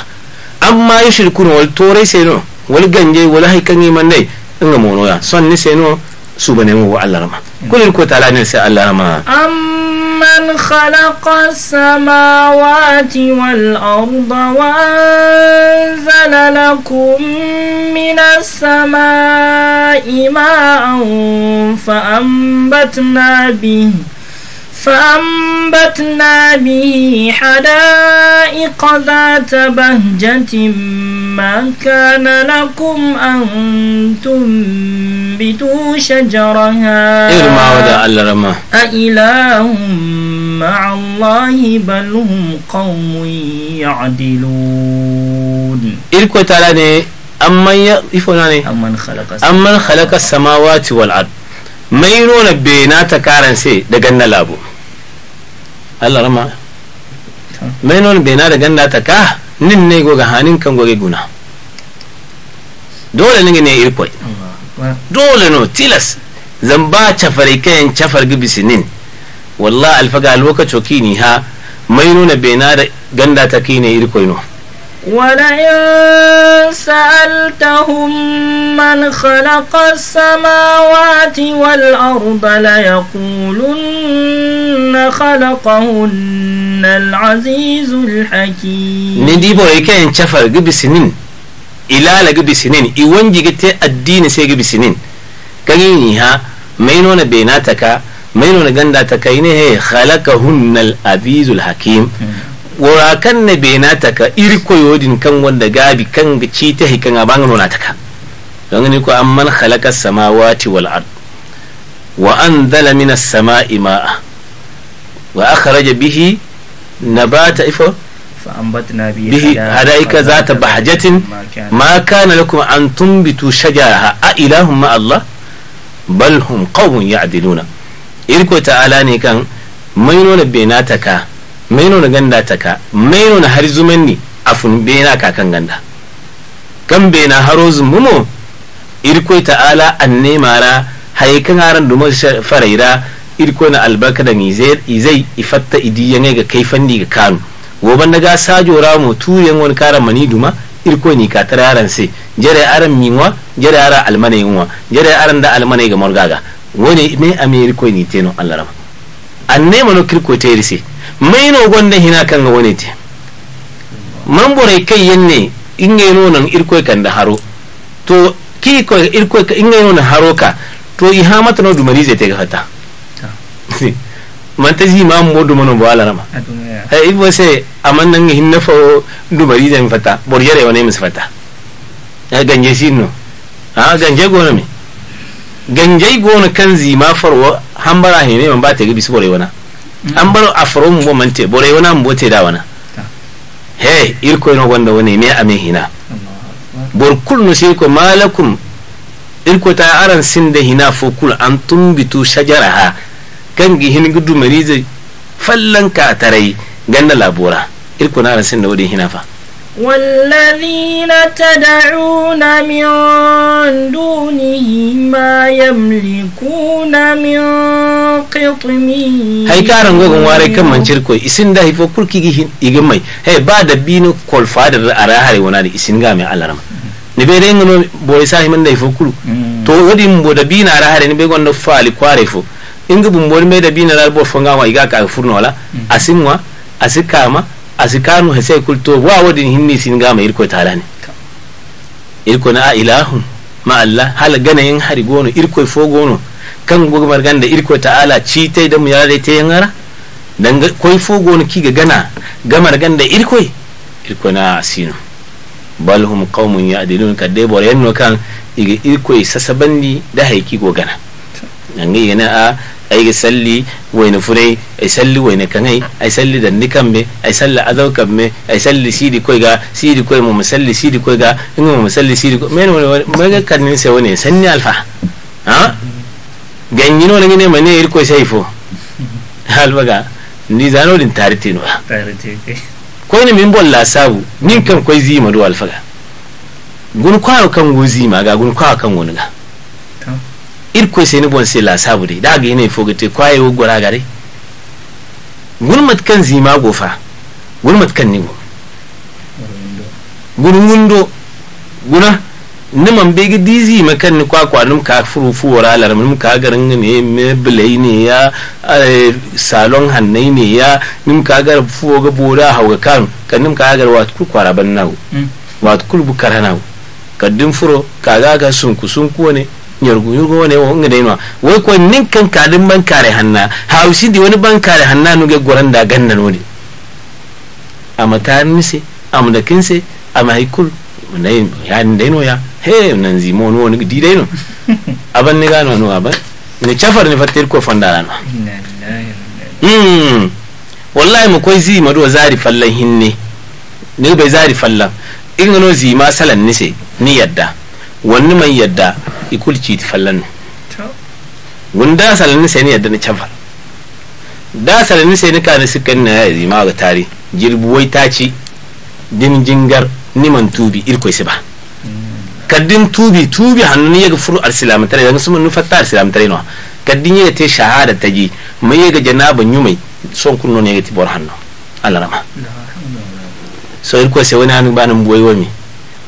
amma yushriku wal torai sai no wal ganje wal haikan man dai inga mono ya son ni sai no su bane mo wa Allah rama mm. kulil ko tala ne sai Allah rama amma من خلق السماوات والأرض وأنزل لكم من السماء ماء فأنبتنا به فأنبتنا به حدائق ذات بهجة ما كان لكم أن تنبتوا شجرها إرما ودا ألرما أإله مع الله بل هم قوم يعدلون إلكو تعالى أمن يفناني أمن خلق أمن خلق السماوات والأرض mai nuna bena ta karan sai da ganna labo Allah rama mai nuna bena da ganna ta ka nin ne goga hanin kan goge guna dole ne ne irpoi dole no tilas zan ba cafari kayan cafar gibi sinin walla alfaga lokaci kini ha mai nuna bena da ganda ta kine irpoi no ولئن سألتهم من خلق السماوات والأرض ليقولن خلقهن العزيز الحكيم ندي بوي كان شفر قب سنين إلى لقب سنين إيوان جيجتي الدين سي قب سنين كاين ها مينون بيناتك مينون غنداتك إنه خلقهن العزيز الحكيم worakan na bai na taka iri koyodin kan wanda gabi kan ga ci ta hikan a bangano na taka don ni ku an man halaka sama wati wal ard wa an dala mina sama ima'a wa aka rage bihi na ba ta ifo bihi hada'ika zata ta bahajatin ma kana lakum an tumbitu shajaha a ilahun ma Allah bal hum qawmun ya'diluna irko ta'ala ne kan mai nuna bai na taka meno na ganda ta ka meno na har zumanni afun bena kakan ganda kan bena haro zumumo irkoi ta'ala ra haye haikan haran duma faraira irko na albarka da izai ifatta idiyan ga kai fanni ga kanu gobe na ga sajo ramu tuyen wani kara mani duma irko ni ka tara yaran sai jere aran miwa jere ara almane yunwa jere aran da almane ga morgaga wani me ameriko ni teno Allah rama anne mano kirko te sai. maino gonda hina kanga wonete mamborai kai ne inge yi nuna irkoy kan da haro to ki ko irkoy inge yi nuna haro ka to i ha mata no dumari zai tega hata ah. man ta zi ma mo du mono bala rama ah, eh ibo se aman nan hinna fa dumari zai fata borjere wani mis fata ya eh, ganje no a ah, ganje gona mi ganje gona kan zi ma farwa hambara ne man ba ta ga bisbore wana an baro afro mu bo mante bore wona mu bote da wana he irko no wanda wani me ame hina bor kulnu sai ko malakum irko ta aran sin da hina fo kul an tumbitu shajaraha kangi hin gudu marize fallan ka tarai ganda labora irko na aran sin da wani hina fa والذين تدعون من دونه ما يملكون من قطمين هاي كارن غوغن واري كمان منشر اسن ده يفو كل كي يجمعي هاي بعد بينو كل فادر أراها ونادي اسن غامي على رمان رما نبيرين غنو ساهي من ده يفو كل تو ودي مبودا بينا أراها نبيغن نفالي كواري فو inga bumbol me da bina lalbo fonga wa iga ka furno wala asimwa asikama asikanu sai kulto wa wadin hinni sin gama irko ne irko na ilahu ma Allah hal gana yin hari gono irko fo gono kan gogmar ganda irko ta'ala ci tai da mu ya dai tai yanara dan koi fo gono ga gana gamar ganda irko e, irko na asinu bal hum qaumun ya'dilun dai bore yanno kan irko e sasabandi da haiki go gana nan ne a ga salli wayna furai ai salli wayna kanai ai salli danni kambe ai salli adaw kambe ai salli sidi koyga sidi koy mo salli sidi koyga ingo mo salli sidi ko men kan ne sai wani sanni alfa ha ganyino ne ne mai ne irko sai fo <laughs> ga ni zano din tariti no tariti koy ne min bolla sabu min kan koi zima do ga gun kwa kan gozi zima ga gun kwa kan wani ga ir ko ni bon se la sabude da ga ina fogate kwaye wo gora gare gulmat kan zima gofa gulmat kan nigo gun wundo guna niman bege dizi makan ni kwakwa num ka furu fuwara alar num ka garin ne me bilai ne ya eh, salon hannai ne ya num ka gar fuwo ga bora hauga kan kan num ka gar wat ku kwara ban nawo hmm. wat kul bu karanawo kaddin furo kaga ga sunku sunku ne yorgu yorgo wani wo ngade no wo ko nin kan kadin bankare hanna hausi di wani bankare hanna no ge da ganna no di amma nise amma da kinse amma hikul nay ya ni deno ya he nan zi mo no ni di deno aban ni gano no aban ni chafar ni fatir ko fanda no mm wallahi mu koy zi madu zari fallan hinne ni bai zari fallan in no zi ma salan nise ni yadda wani mai yadda ikul ci ti fallan asali salani sai ni yadda ni cafar da salani sai ni ka ni kan na ya zima ga tare jirbuwai ta ci din jingar niman tubi irkoi si ba mm. kaddin tubi tubi hannu ni yaga furu arsilamitare yanga sumun ta arsilamitare no kaddin yaga te shahada ta ji mai yaga janaba nyumai son kunno ne yaga tibor hannu alarama rama so irkoi sai wani hannu nan buwai wami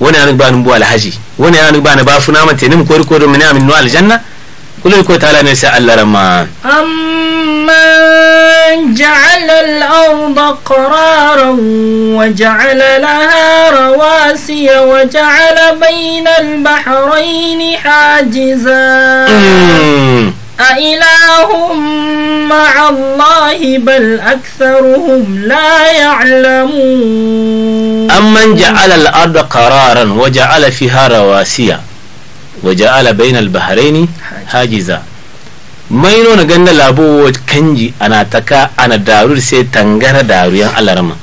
wani anu banu bu alhaji wani anu banu ba funa mate nim kori kori min amin wal janna kullu ko taala ne sai Allah rama amman ja'ala al-ardha qararan wa ja'ala laha rawasiya wa ja'ala bayna al-bahrayni hajiza أإله مع الله بل أكثرهم لا يعلمون أمن جعل الأرض قرارا وجعل فيها رواسي وجعل بين البحرين hajiza. maino na ganda labo kanji ana taka ana darur sai tangara daruyan alarma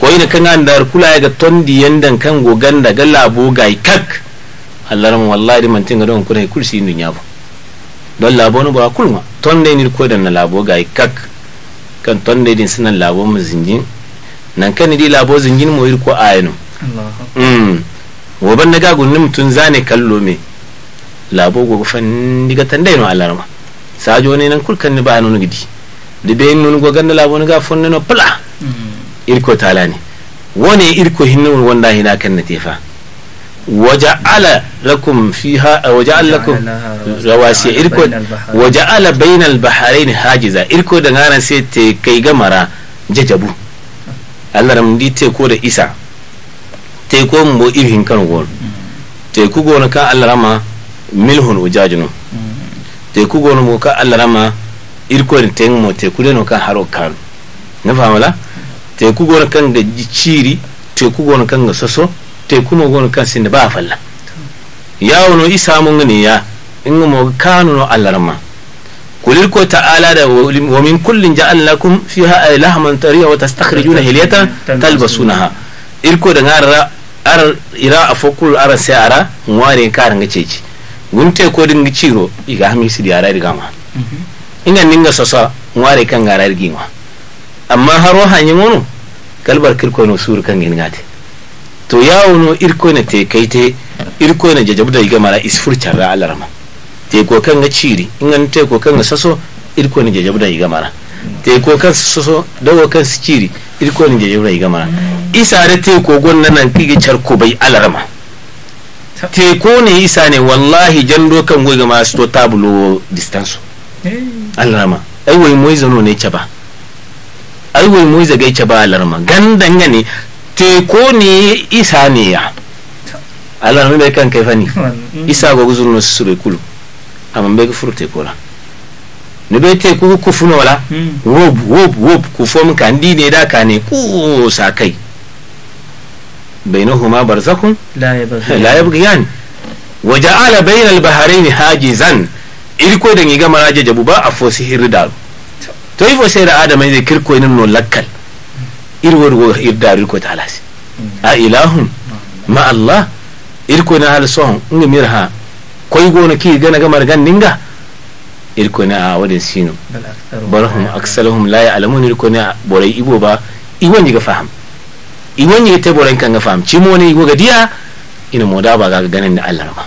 ko ina kan an dar kula ga tondi yandan kan goganda ga labo gai kak alarma wallahi man tinga don kuna kursi dunya ba don labo no bora kulma tonde ni ko na labo ga kak kan tonde din sinan labo mu zinjin nan kan ni di labo zinjin mo ir ko ayino mm wo ban daga gunnin mutun zane kallo me labo go fan diga tande no alarma sajo ne nan kulkan ni ba no gidi da bayin nun go ganna labo ni ga fonno pla mm. irko talani wone irko hinno wanda hina kan na tefa وجعل لكم فيها وجعل لكم رواسي إركو وجعل بين البحرين حاجزا إركو دعانا سيت كي جمرة ججبو الله رمدي تكو ده إسا تكو مو إبهن كانوا قول تكو قولنا كا الله رما ملهن وجاجنو تكو قولنا مو كا الله رما إركو نتين مو تكو ده نو كان هارو كان نفهم لا تكو قولنا كان ده جيري تكو قولنا كان ده te kuno gono kan sinda ba falla ya no isa mun ngani ya in mo kanu no allarma kulir ko ta'ala da wa min kullin ja'alnakum fiha lahman tariya wa tastakhrijuna hilyatan talbasunaha irko da ngara ar ira afokul ara sai ara ngware karan ga ceci gunte ko din ciro iga hamisi di ara riga ma mhm. inga ninga sasa ngware kan ngara riginwa amma haro hanyin wono kalbar kirko no sur kan ngingate to na tekai te kayte jajabu da yiga mara isfurcarra alarama te ko kanga ciiri ingani teko kan ga saso irkoyna jajabuda yiga mara te kan soso dawo kan su na jajabu da yiga mara isa da teko gonna nan kige carko bai alarama teko ne isa ne wallahi jan dokan goyi ga masu to tabulo distansu eh. alarama ai wai moyi zano ne caba ai wai moyi zagai caba alarama gandan ne teko ni mm. isa ne ya allah na bai kan kai fani isa ga guzuru no bai kulu amma bai furu teku la ne bai teku ku funo la mm. wob wob wob ku fom kan di ne da ka ne ku sa kai bainahuma barzakun. la yabghiyan la yabghiyan wa ja'ala bayna al-bahrayn hajizan irko da ngi gama maraje jabu ba a fosi hirda to ifo sai da adamai zai kirko inin no lakkal irworgo irdaru irko ta alasi a ilahun ma allah irko na hal sohon inga mir ha koy gono ki gana gamar gandinga irko na a wadin sino barhum aksalahum la ya'lamun irko na borai ibo ba iwon ga faham iwon yi te borai kan ga faham cimo ne igo ga diya ina moda ba ga ganin da allah ma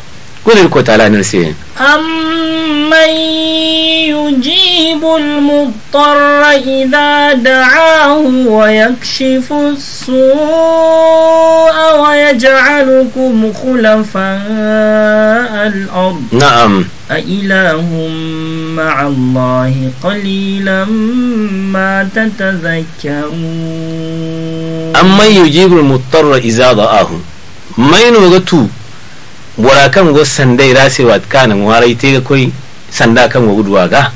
قل الكتالة نرسين أمن يجيب المضطر إذا دعاه ويكشف السوء ويجعلكم خلفاء الأرض نعم أإله مع الله قليلا ما تتذكرون أمن يجيب المضطر إذا دعاه ما ينوغتو bora kan go sandai rase wat kana warai te ga koi sanda kan go gudwa ga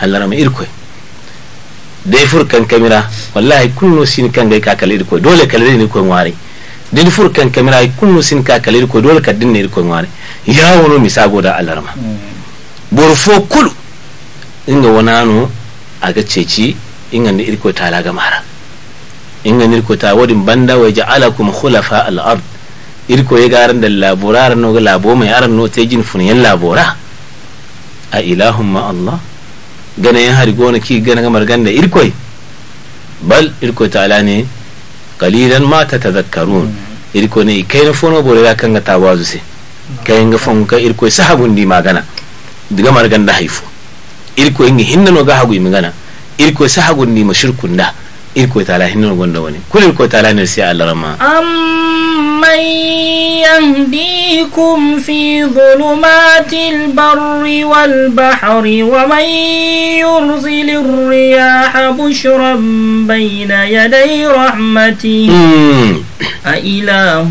Allah rama irkoi dai furkan kamera wallahi kullu sin kan ga kakal irkoi dole kalle ne ko warai din furkan kamera kullu sin kakale irkoi dole ka dinne irkoi warai ya wono misago da Allah rama borfo kullu inga wanano aga ceci inga ni irko ta ga mara inga ni irko ta wadin banda wa ja'alakum khulafa al-ard irko ya garin da labora aran noga labo mai aran no te jin funiyan labora a ilahun ma Allah gane yin hari gona ki gana gamar ganda irkoi bal irko ta ala ne qalilan ma tatadhakkarun mm. irko ne kai na fono bore ya kan ga tawazu sai kai ga fon ka irko sahabun di magana diga margan ganda haifu irko yin hinna no ga hagu mi gana irko sahabun di mashirkun da الكوتالا هنو غندوني كل الكوتالا نرسي على رما أمن يهديكم في ظلمات البر والبحر ومن يرسل الرياح بشرا بين يدي رحمته أإله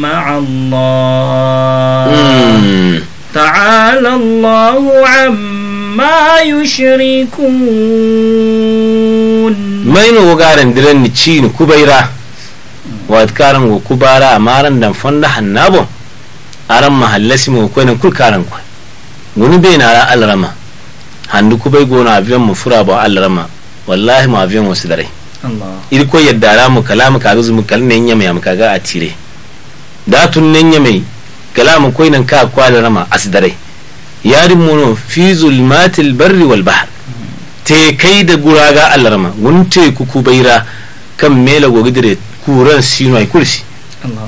مع الله تعالى الله عما يشركون maino wogaren diren ni ni kubaira wat karan go kubara amaran dan fonda hannabo aran mahallasi mo ko ne kul karan ko muni be na ra alrama handu kubai go na biyan mu fura ba alrama wallahi mu biyan wasu dare Allah ir ko yadda ra mu kalamu ka zuzu mu kalne nyame mai amka a tire da tun nan nyame kalamu ko nan ka kwala rama asdare yarin mu fi zulmatil barri wal bahr tekai da guraga alarma gun teku kubaira kan mela gogidire kuran sino kursi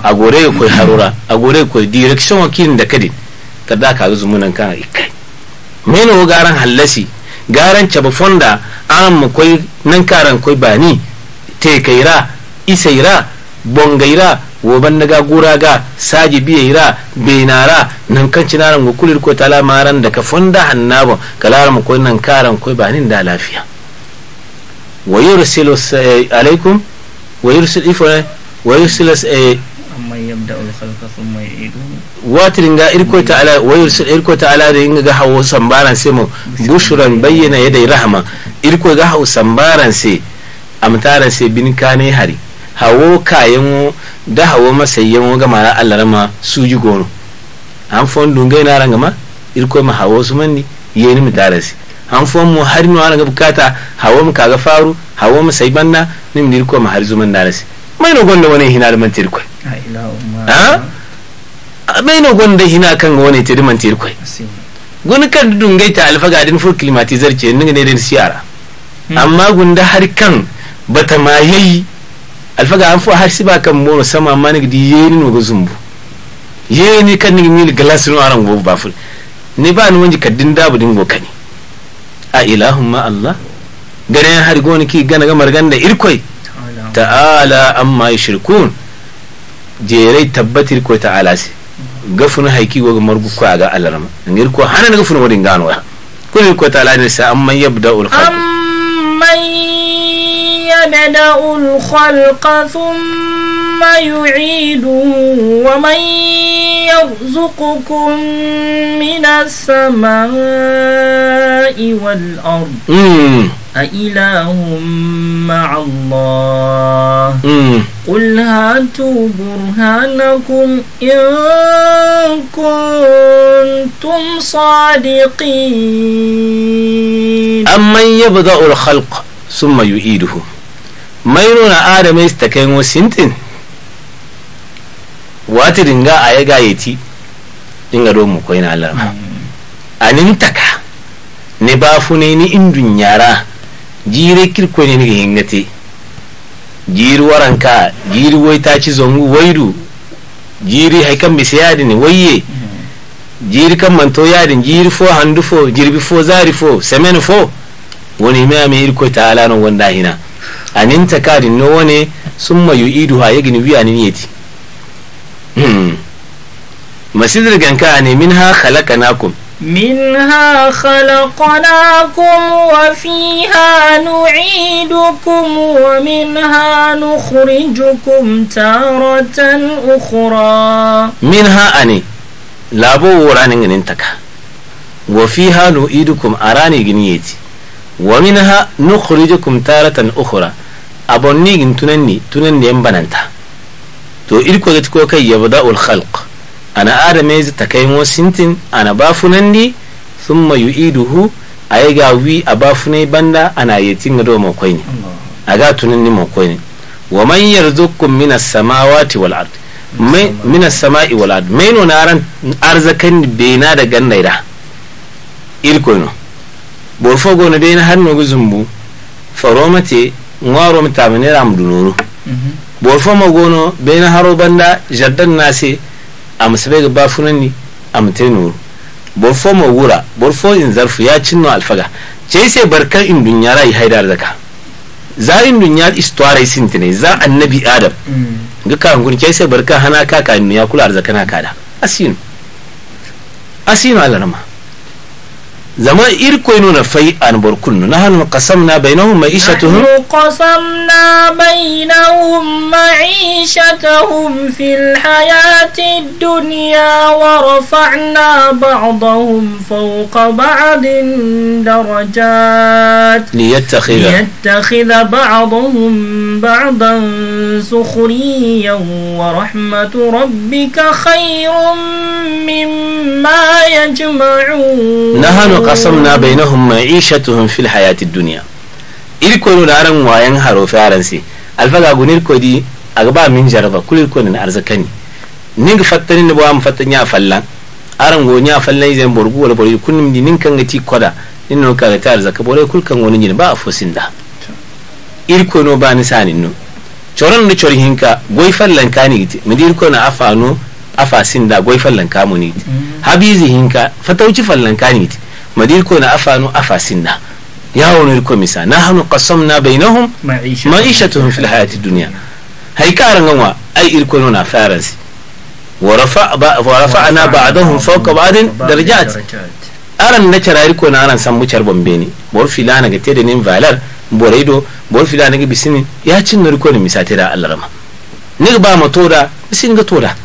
a gore kai harura a gore kai direction wakilin da kadin da ka zuzu zumunan kan ikai meno garan hallasi garan caba fonda an mu kai nan karan kai bani tekaira isaira bongaira woban naga ga saji biyeira benara nan kan cinaran go kulir ko tala maran daga fonda hannabo kalaram ko nan karan ko banin da lafiya wa yursilu eh, alaikum wa yursil ifa eh, wa yursil eh, amman yabda'ul khalqa thumma yu'iduhu watiringa irko ta'ala wa yursil irko ta ala da inga ga hawo sambaran sai mu bushran bayyana yadai rahma irko ga hawo sambaran sai amtaran sai bin kane hari hawo kayan da hawa hawo masayyan ga mara su suji gono an fon dungai na ranga ma irko ma hawa su manni yeni mi darasi an fon mu har ni wani bukata hawa mu kaga faru hawa mu sai banna ni mu irko ma har man darasi mai no gonda wani hina da mantir kwai a mai no gonda hina kan wani tiri mantir kwai guni kan dungai ta alfa din fur climatizar ce ni ne da siyara hmm. amma gunda har kan bata ma yayi alfaga an fo har siba kan mono sama manig di yeni no zumbu yeni kan ni ni glass no aran go baful ni ba ni wonji kaddin dabu din go kani a ilahumma allah gane har goni ki gana ga marganda irkoi ta'ala amma yushrikun jerai tabbatir ko ta'ala si gafuna haiki go margu ko aga alarama ngir ko hanan gafuna wadin gano ya kulli ko ta'ala ne sa amma yabda'ul khalq amman يبدأ الخلق ثم يعيده ومن يرزقكم من السماء والأرض أإله مع الله قل هاتوا برهانكم إن كنتم صادقين أمن يبدأ الخلق ثم يعيده nuna adam adame ta kai mo sintin wati dinga a ya gayeti dinga do mu koina alarma anin taka ne ba ne, ni indun yara jire kirko ne ni hingate jiri waranka jiri wai ta ci zongu waidu jiri haikan bisa yadin waye jiri kan manto yadin jiri fo handu fo jirbi fo zari fo semen fo wani mai irko ta alanon wanda hina anin takarin nawa ne sun mayu idu ha yagin wiya ni ne ti hmm. masidir ganka ne min ha halaka nakum min ha halaka nakum wa fi ha nu'idu kum wa min ha nukhrijukum kum taratan ukhra min ha ane labo wura ne ganin taka wa fi ha nu'idu kum arani gini yeti wa min ha nukhrijukum kum taratan ukhra abon nigin tunanni tunanni yan bananta to irko ga ko kai bada ul khalq ana adame zai ta kai sintin ana ba bafunandi thumma yu'iduhu ayi ga wi a bafunai banda ana yatin do mo koyni aga tunanni mo koyni wa man yarzukum minas samawati wal ard mina sama'i wal ard mai nuna ran arzakan bena da gannai da irko no borfo gona dai na hannu guzumbu faromate ngaro mita ne ram dunono bor fo ma gono bena haro banda jaddan nase am sebe ga bafunani am te tenuru bor fo ma wura bor fo in zarfu ya cinno alfaga ce sai barkan in dunya rai haidar zaka za in dunya istuwara sintine za annabi adam ga kan gun ce sai barkan hana ka ka ya kula arzakana kada asinu asinu alarma زما إركوينو نفي أن بركن نحن قسمنا بينهم معيشتهم نحن قسمنا بينهم معيشتهم في الحياة الدنيا ورفعنا بعضهم فوق بعض درجات ليتخذ ليتخذ بعضهم بعضا سخريا ورحمة ربك خير مما يجمعون نحن qasamna bainahum ma'ishatuhum fil hayati dunya irko no daran wayan haro faransi alfaga gunir kodi agba min jaraba kulir ko nan arzakani ning fattani ne bo fattanya fallan aran go nya fallan zan borgu wala borgu kunnum di nin kan gati koda nin no ka ta arzaka bore kul kan woni ba a fosinda irko no ba ni sani no coron da cori hinka goy fallan kani giti mi ko na afano afa sinda goy fallan kamuni giti habizi hinka fatauci fallan kani giti madilko na afanu afasinna ya ne ko misa na hanu qasamna bainahum ma'ishatuhum fil hayati dunya hay karan ganwa ai irko na faransi wa rafa wa ka ba fawqa ba'din darajat aran na carari ko na aran san bucar bombe ne bor filana ga tede nin valar boraido bor filana ya cin na riko ne ta da Allah rama ni ba ma toda bisin ga toda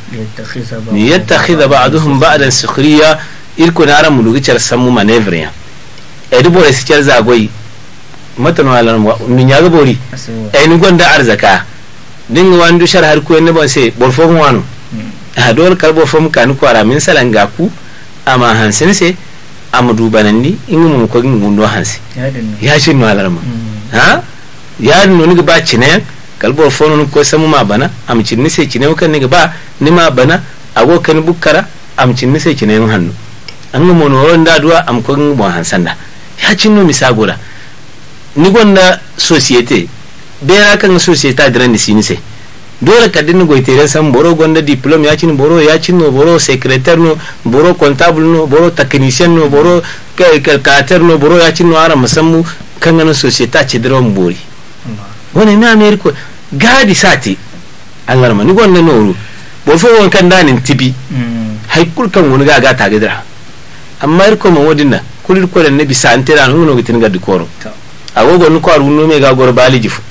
ni yattakhidha ba'dahum ba'dan sukhriya irko nara mulugi char samu manevre ya edu bore si char zagoi mata no alan wa minya ga bori e ni gonda arzaka dinga wandu shar har ko ne ba se bor fo wanu hmm. ha dole karbo fo kan ko ara min salanga ku amma hansin se amma ni in mu ko gin gundo hansi ya shin no alan ma hmm. ha ya no ni ba cine kalbor fo no ko samu ma bana am cinni se cine kan ni ba ni ma bana ago kan bukkara am cinni se cine hannu an yi mono da duwa am ko mo hansanda ya nomi misagora ni gonda société bera kan société dran ni sinise dole ka dinna goitere san boro gonda diplom ya ni boro ya ci no boro sekretar no boro comptable no boro technicien no boro kalkatar no boro ya ci no ara musammu kan ganin a ci diran bori wani na amerika gadi sati an garma ni gonda no ru bo fo kan danin tibi mm. haikul kan wani gaga ga ta gidra amma irko man wodinna kulir ko den nabi bisa an ngono gitin gaddi koro agogo nu ko arunno me ga gor bali jifu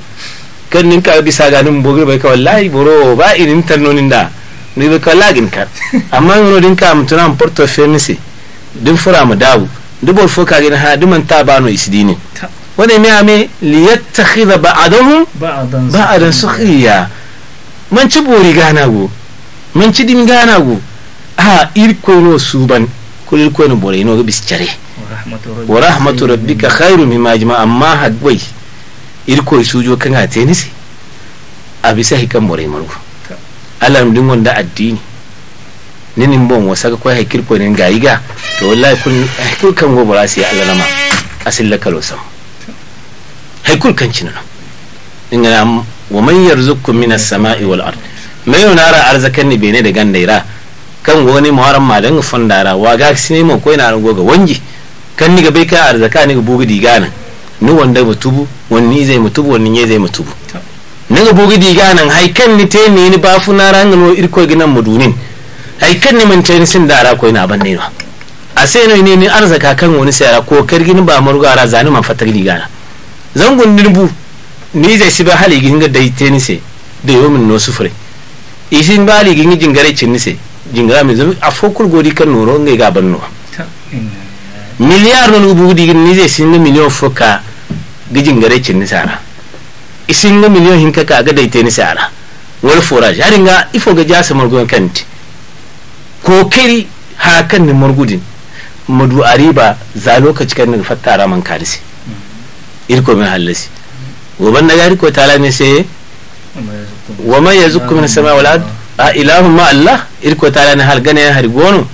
kan nin ka bisa ga nin bogir bai ka wallahi boro ba in intan nin da ni bai ka lagin kar <laughs> amma ngono din ka mutuna am porto femisi din fura mu dawo dubor fo ka gin ha duman ta ba no isidini wani ne ame liyattakhidha ba'dahum ba'dan sukhiya man ci bori gana go man ci dim gana go ha irko no suban kuli ko no bore no bis care wa rahmatu rabbika khairu mimma ajma amma hadwai ko sujo kan a tenisi a bisa hikan bore maru alarm din wanda addini ninin bon wasa ga kirko hakir ko nin gayiga to wallahi kun hakir kan go bara sai Allah asil asilla kalo sam hakir kan cinan in ga wa man yarzukum minas sama'i wal ard mai ra arzakan ni bene da gandaira kan woni mo haram madan wa ga sine ne ko na rango ga wangi kan ni ga bai ka arzaka ni ga bugu digana ni wanda mutubu wani zai mutubu wani ne zai mutubu ni ga bugu digana hai kan ni te ni ni bafu na rango irko ginan mudunin hai kan ni mun tani sin dara ko ina ban ne no a sai no ne ni arzaka kan wani sayara ko ni ba marugara zani man fatar digana zangun nirbu ni zai siba haligi ga dai sai da yomin no sufure isin ba haligi jingare sai jinga mi a fokul godi kan noro ngai ga banno miliyar no bu digin ni zai singa miliyon foka ga jingare cin ni sara miliyon ka ga daite ni sara wal forage haringa ifo ga jasa margon kanti kokari hakan ni margudin madu ariba za lokaci kan ni fattara man kalisi mm-hmm. irko hallasi goban na gari ko tala ne sai wa man yazukku min sama wal ard a ilahu ma allah irko tala ne har gane har gonu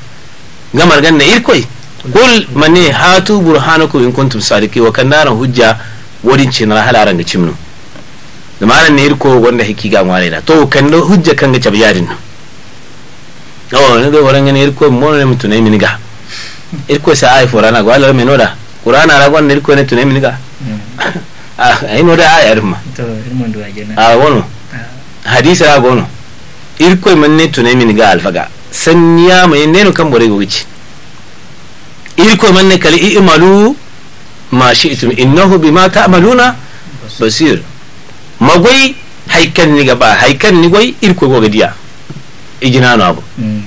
gamar ganna irkoi kul mane hatu burhanakum in kuntum sadiki wa kan naran hujja wadin cin halaran ga cimnu da malan ne irko wanda hiki ga mare na to kan hujja kan ga cabiyadin nan o ne do waran ne irko mon ne mutune min ga irko sa ai forana ga Allah me noda qur'ana ra gon irko ne tune min ga mm. <laughs> ah ay noda ay arma to irmon do ajena ah wono hadisa ra gono man e manne tune min ga alfaga sanniya mai no kan bore go irko man manne kali i'malu ma shi itum innahu bima ta'maluna basir magwai haikan ni gaba haikan ni gwai irko go gadiya ijina no abu mm.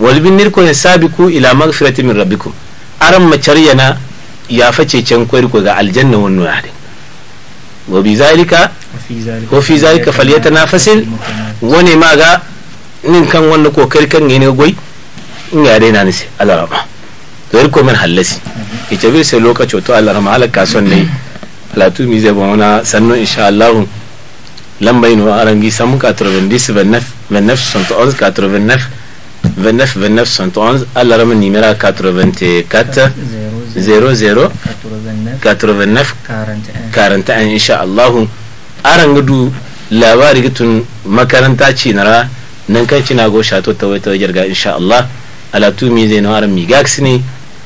walbin ya sabiku ila magfirati min rabbikum aran macariyana ya face can irko ga aljanna wannan yare wa bi zalika wa fi zalika falyatanafasil wani ma ga nin kan wannan kokari kan ne goi in ya daina ni sai Allah rama to yarko min hallasi ita bi sai lokaci to Allah rama halaka son ne latu mi zai ba wana sannan insha Allah lambayin wa arangi samun 90 29 29 29 29 71 Allah rama nimera 84 00 89 41 insha Allah aran gudu labari gitun makaranta ce na ra nan kan cina go shato ta wata wajar ga insha Allah tu mi zai nawaran mi gaksi ne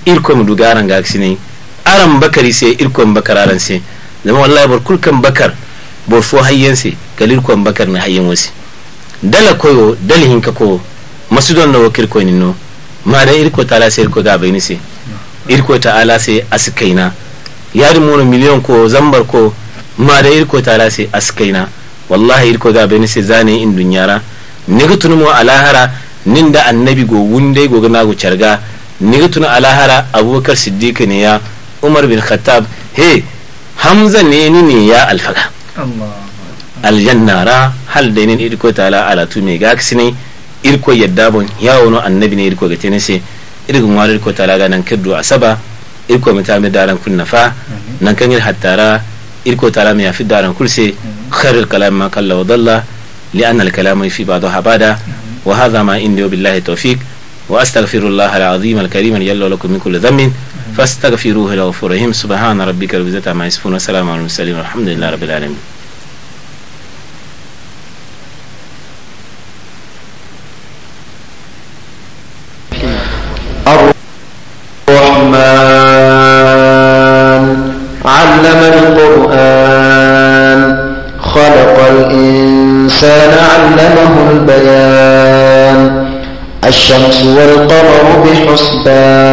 irko mu duga aran gaksi ne aran bakari sai irko mu bakar aran sai zama wallahi bar kulkan bakar bo fo hayyan sai galir ko bakar na hayyan wasi dala koyo dala hinka ko masudon na wakir ko ninno ma da irko ta ala sai irko ga ni sai irko ta ala sai asikaina yari mono miliyon ko zambar ko ma da irko taala se askaina wallahi irko da beni se zane in dunyara tunu tunumo alahara nin da annabi go wunde go nagu charga ni ga tunu alahara abubakar siddiq ne ya umar bin khattab he hamza ne ni ne ya alfaga allah aljannara hal da nin irko ta ala tu me ga kisne irko yadda bon ya wono annabi ne irko ga tenese irgun wari irko ala ga nan keddo asaba irko mutame daran kunna fa nan kan hattara إلكو تعلم يا في الدار كرسي خير الكلام ما قل وضل لأن الكلام في بعضها بعدا وهذا ما إني وبالله التوفيق وأستغفر الله العظيم الكريم يلا لكم من كل ذنب فاستغفروه لغفورهم سبحان ربك رب العزة عما يصفون وسلام على المرسلين والحمد لله رب العالمين الإنسان علمه البيان الشمس والقمر بحسبان